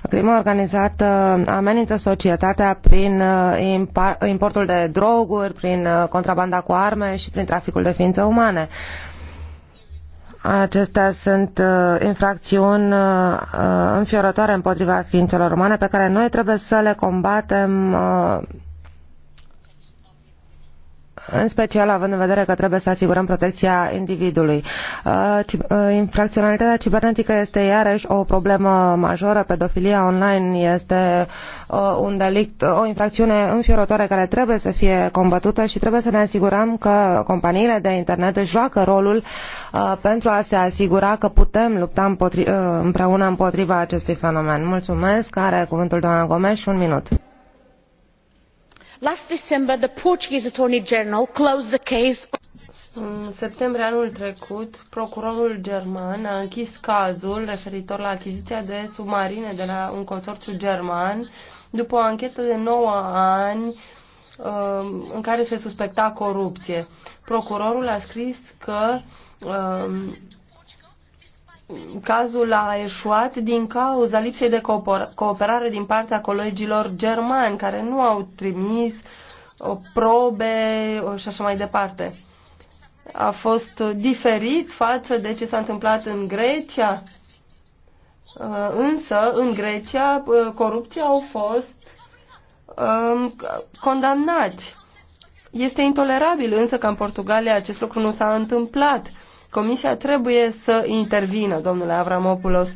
Crima organizată uh, amenință societatea prin uh, importul de droguri, prin contrabanda cu arme și prin traficul de ființe umane. Acestea sunt uh, infracțiuni uh, uh, înfiorătoare împotriva ființelor umane pe care noi trebuie să le combatem uh, în special având în vedere că trebuie să asigurăm protecția individului. Uh, uh, infracționalitatea cibernetică este iarăși o problemă majoră. Pedofilia online este uh, un delict, o infracțiune înfiorătoare care trebuie să fie combătută și trebuie să ne asigurăm că companiile de internet joacă rolul pentru a se asigura că putem lupta împotri împreună împotriva acestui fenomen. Mulțumesc. Are cuvântul doamna Gomes și un minut last december the portuguese attorney general closed the case în septembrie anul trecut, procurorul german a închis cazul referitor la achiziția de submarine de la un consorțiu german după o anchetă de 9 ani um, în care se suspecta corupție. Procurorul a scris că um, cazul a eșuat din cauza lipsei de cooperare din partea colegilor germani, care nu au trimis uh, probe uh, și așa mai departe. A fost diferit față de ce s-a întâmplat în Grecia, uh, însă în Grecia corupția au fost um, condamnați. Este intolerabil însă că în Portugalia acest lucru nu s-a întâmplat Comisia trebuie să intervină, domnule Avramopoulos.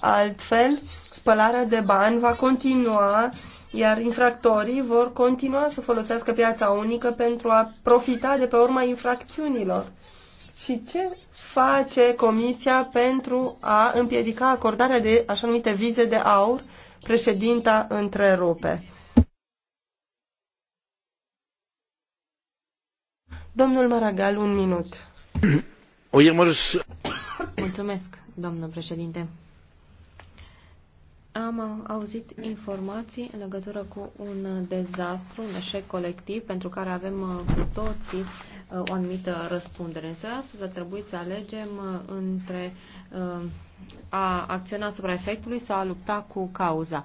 Altfel, spălarea de bani va continua, iar infractorii vor continua să folosească piața unică pentru a profita de pe urma infracțiunilor. Și ce face Comisia pentru a împiedica acordarea de așa numite vize de aur? Președinta întrerupe. Domnul Maragal, un minut. oímos... Mulțumesc, doamnă președinte. Am auzit informații în legătură cu un dezastru, un eșec colectiv, pentru care avem uh, cu toții uh, o anumită răspundere. Însă astăzi a trebuit să alegem uh, între a acționa asupra efectului sau a lupta cu cauza.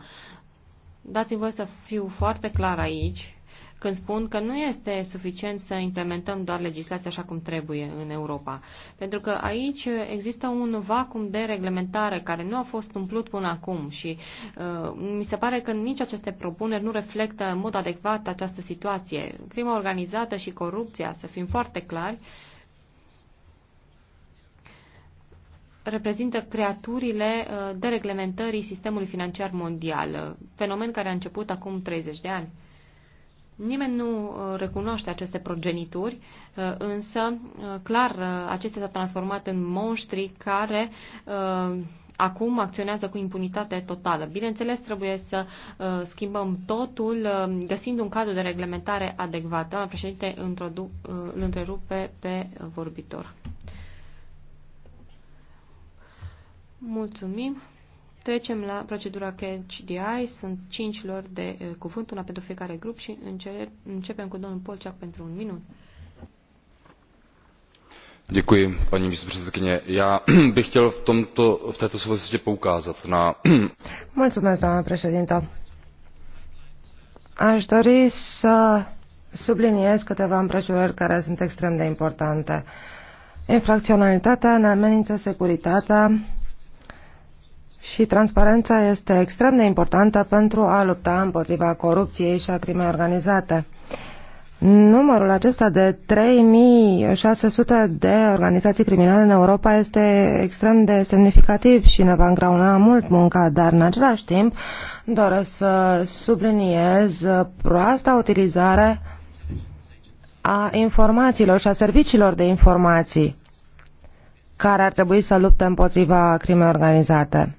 Dați-mi voi să fiu foarte clar aici când spun că nu este suficient să implementăm doar legislația așa cum trebuie în Europa. Pentru că aici există un vacum de reglementare care nu a fost umplut până acum și uh, mi se pare că nici aceste propuneri nu reflectă în mod adecvat această situație. Crima organizată și corupția, să fim foarte clari, reprezintă creaturile uh, dereglementării sistemului financiar mondial, fenomen care a început acum 30 de ani. Nimeni nu uh, recunoaște aceste progenituri, uh, însă, uh, clar, acestea s-au transformat în monștri care acum acționează cu impunitate totală. Bineînțeles, trebuie să schimbăm totul, găsind un cadru de reglementare adecvat. Doamna președinte, îl întrerupe pe vorbitor. Mulțumim. Trecem la procedura CHDI. Sunt cinci lor de uh, cuvânt, una pentru fiecare grup și înce începem cu domnul Polciac pentru un minut. Děkuji, paní místopředsedkyně. Já bych chtěl v, tomto, v této souvislosti poukázat na... Mulțumesc, doamna președintă. Aș dori să subliniez câteva împrejurări care sunt extrem de importante. Infracționalitatea ne amenință securitatea, și transparența este extrem de importantă pentru a lupta împotriva corupției și a crimei organizate. Numărul acesta de 3600 de organizații criminale în Europa este extrem de semnificativ și ne va îngrauna mult munca, dar în același timp doresc să subliniez proasta utilizare a informațiilor și a serviciilor de informații care ar trebui să lupte împotriva crimei organizate.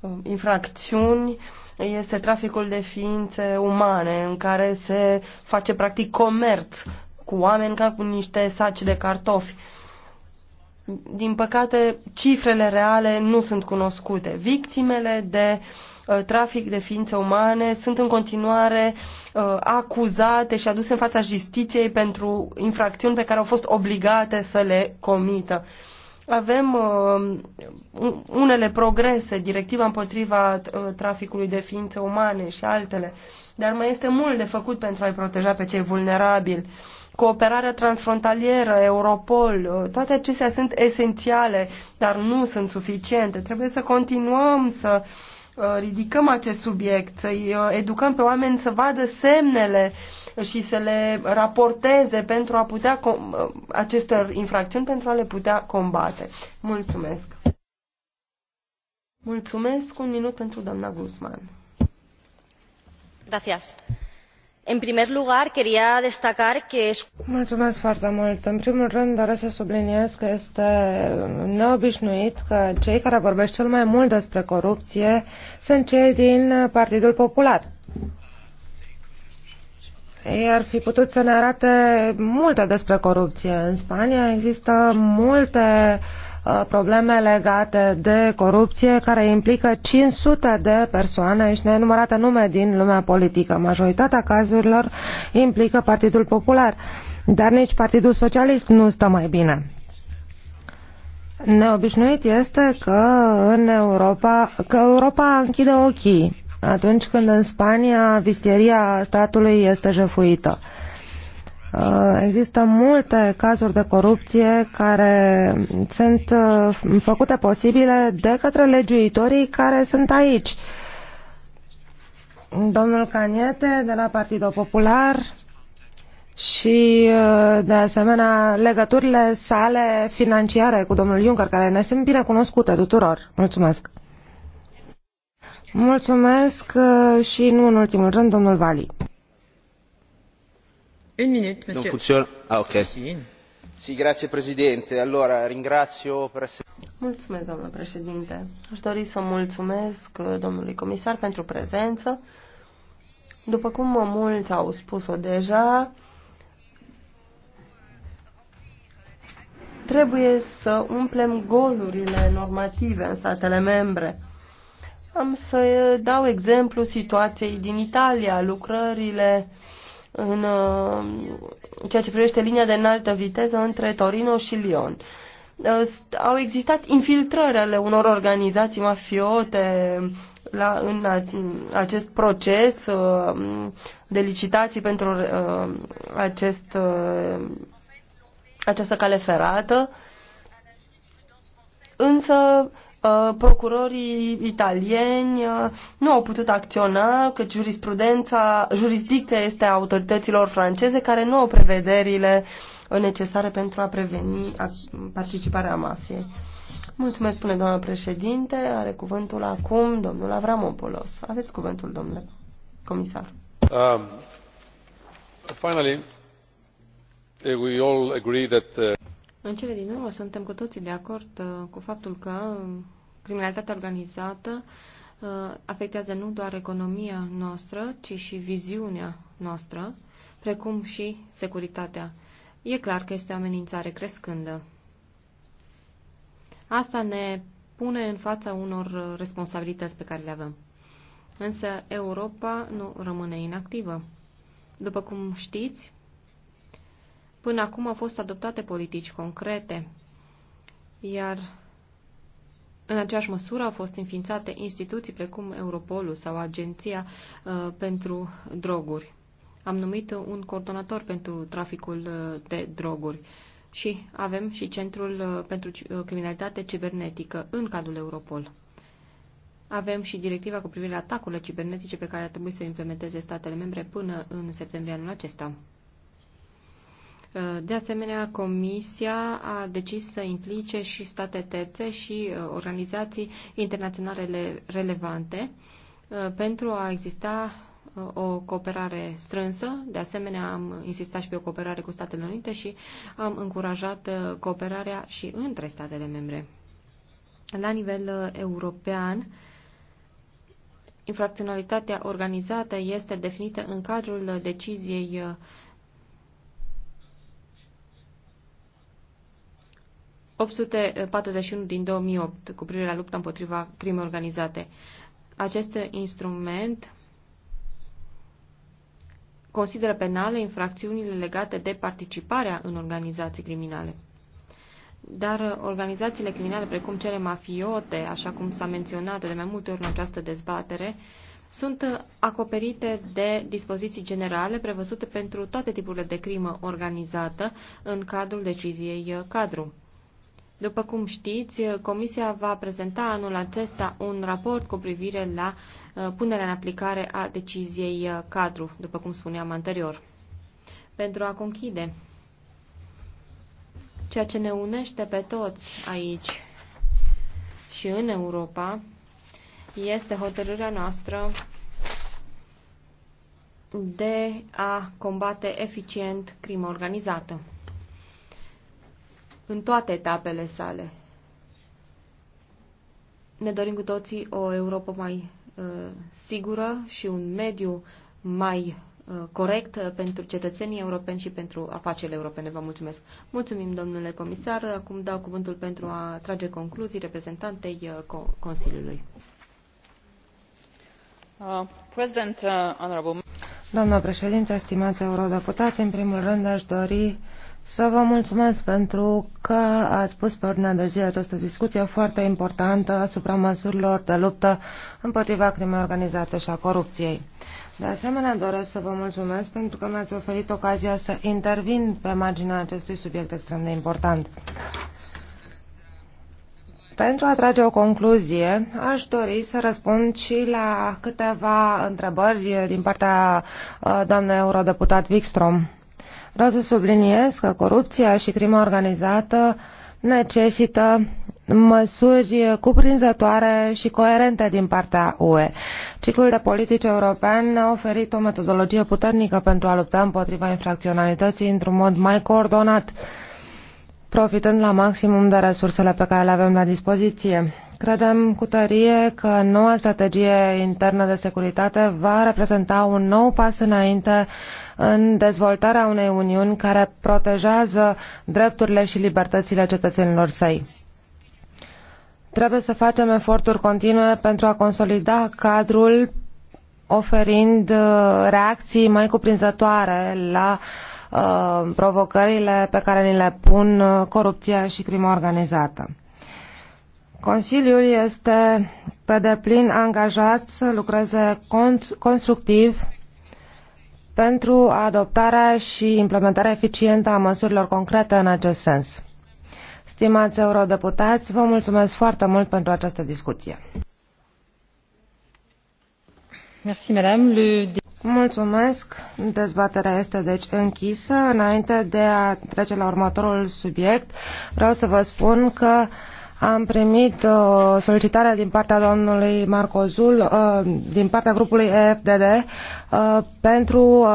Um, infracțiuni este traficul de ființe umane, în care se face practic comerț cu oameni ca cu niște saci de cartofi. Din păcate, cifrele reale nu sunt cunoscute. Victimele de uh, trafic de ființe umane sunt în continuare uh, acuzate și aduse în fața justiției pentru infracțiuni pe care au fost obligate să le comită avem uh, unele progrese, directiva împotriva uh, traficului de ființe umane și altele, dar mai este mult de făcut pentru a-i proteja pe cei vulnerabili. Cooperarea transfrontalieră, Europol, uh, toate acestea sunt esențiale, dar nu sunt suficiente. Trebuie să continuăm să uh, ridicăm acest subiect, să-i educăm pe oameni să vadă semnele uh, și să le raporteze pentru a putea aceste infracțiuni pentru a le putea combate. Mulțumesc! Mulțumesc. Un minut pentru doamna Guzman. Gracias. En primer lugar, quería destacar que es... Mulțumesc foarte mult. În primul rând, doresc să subliniez că este neobișnuit că cei care vorbesc cel mai mult despre corupție sunt cei din Partidul Popular ei ar fi putut să ne arate multe despre corupție. În Spania există multe uh, probleme legate de corupție care implică 500 de persoane și nenumărate nume din lumea politică. Majoritatea cazurilor implică Partidul Popular, dar nici Partidul Socialist nu stă mai bine. Neobișnuit este că în Europa, că Europa închide ochii atunci când în Spania vistieria statului este jefuită. Uh, există multe cazuri de corupție care sunt uh, făcute posibile de către legiuitorii care sunt aici. Domnul Caniete de la Partidul Popular și uh, de asemenea legăturile sale financiare cu domnul Juncker, care ne sunt bine cunoscute tuturor. Mulțumesc! Mulțumesc uh, și nu în ultimul rând, domnul Vali. Un minut, monsieur. Ah, ok. Si, grazie, președinte. Allora, ringrazio per essere... Mulțumesc, domnule președinte. Aș dori să mulțumesc uh, domnului comisar pentru prezență. După cum mulți au spus-o deja, trebuie să umplem golurile normative în statele membre. Am să dau exemplu situației din Italia, lucrările în uh, ceea ce privește linia de înaltă viteză între Torino și Lyon. Uh, au existat infiltrări ale unor organizații mafiote la, în acest proces uh, de licitații pentru acest, această cale ferată, însă Uh, procurorii italieni uh, nu au putut acționa, că jurisprudența, jurisdicția este a autorităților franceze care nu au prevederile necesare pentru a preveni participarea mafiei. Mulțumesc, spune doamna președinte. Are cuvântul acum domnul Avramopoulos. Aveți cuvântul, domnule comisar. Um, finally, we all agree that, uh... În cele din urmă suntem cu toții de acord uh, cu faptul că Criminalitatea organizată uh, afectează nu doar economia noastră, ci și viziunea noastră, precum și securitatea. E clar că este o amenințare crescândă. Asta ne pune în fața unor responsabilități pe care le avem. Însă Europa nu rămâne inactivă. După cum știți, până acum au fost adoptate politici concrete, iar în aceeași măsură au fost înființate instituții precum Europolul sau Agenția uh, pentru Droguri. Am numit un coordonator pentru traficul uh, de droguri și avem și Centrul uh, pentru uh, Criminalitate Cibernetică în cadrul Europol. Avem și directiva cu privire la atacurile cibernetice pe care ar trebui să o implementeze statele membre până în septembrie anul acesta. Uh, de asemenea, Comisia a decis să implice și state terțe și uh, organizații internaționale relevante uh, pentru a exista o cooperare strânsă. De asemenea, am insistat și pe o cooperare cu Statele Unite și am încurajat cooperarea și între statele membre. La nivel european, infracționalitatea organizată este definită în cadrul deciziei 841 din 2008 cu privire la lupta împotriva crimei organizate. Acest instrument consideră penale infracțiunile legate de participarea în organizații criminale. Dar organizațiile criminale, precum cele mafiote, așa cum s-a menționat de mai multe ori în această dezbatere, sunt acoperite de dispoziții generale prevăzute pentru toate tipurile de crimă organizată în cadrul deciziei cadru. După cum știți, Comisia va prezenta anul acesta un raport cu privire la uh, punerea în aplicare a deciziei uh, cadru, după cum spuneam anterior. Pentru a conchide, ceea ce ne unește pe toți aici și în Europa este hotărârea noastră de a combate eficient crimă organizată în toate etapele sale. Ne dorim cu toții o Europa mai uh, sigură și un mediu mai uh, corect uh, pentru cetățenii europeni și pentru afacerile europene. Vă mulțumesc. Mulțumim, domnule comisar. Acum dau cuvântul pentru a trage concluzii reprezentantei uh, Consiliului. Uh, uh, Doamna președinte, stimați eurodeputați, în primul rând aș dori să vă mulțumesc pentru că ați pus pe ordinea de zi această discuție foarte importantă asupra măsurilor de luptă împotriva crimei organizate și a corupției. De asemenea, doresc să vă mulțumesc pentru că mi-ați oferit ocazia să intervin pe marginea acestui subiect extrem de important. Pentru a trage o concluzie, aș dori să răspund și la câteva întrebări din partea uh, doamnei eurodeputat Wikstrom. Vreau să subliniez că corupția și crima organizată necesită măsuri cuprinzătoare și coerente din partea UE. Ciclul de politici european a oferit o metodologie puternică pentru a lupta împotriva infracționalității într-un mod mai coordonat, profitând la maximum de resursele pe care le avem la dispoziție. Credem cu tărie că noua strategie internă de securitate va reprezenta un nou pas înainte în dezvoltarea unei uniuni care protejează drepturile și libertățile cetățenilor săi. Trebuie să facem eforturi continue pentru a consolida cadrul oferind uh, reacții mai cuprinzătoare la uh, provocările pe care ni le pun uh, corupția și crima organizată. Consiliul este pe deplin angajat să lucreze constructiv pentru adoptarea și implementarea eficientă a măsurilor concrete în acest sens. Stimați eurodeputați, vă mulțumesc foarte mult pentru această discuție. Mulțumesc. Dezbaterea este deci închisă. Înainte de a trece la următorul subiect, vreau să vă spun că am primit uh, solicitarea din partea domnului Marco Zul, uh, din partea grupului EFDD, uh, pentru uh,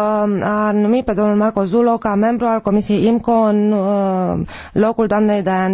a numi pe domnul Marco Zulo ca membru al Comisiei IMCO în uh, locul doamnei Dan.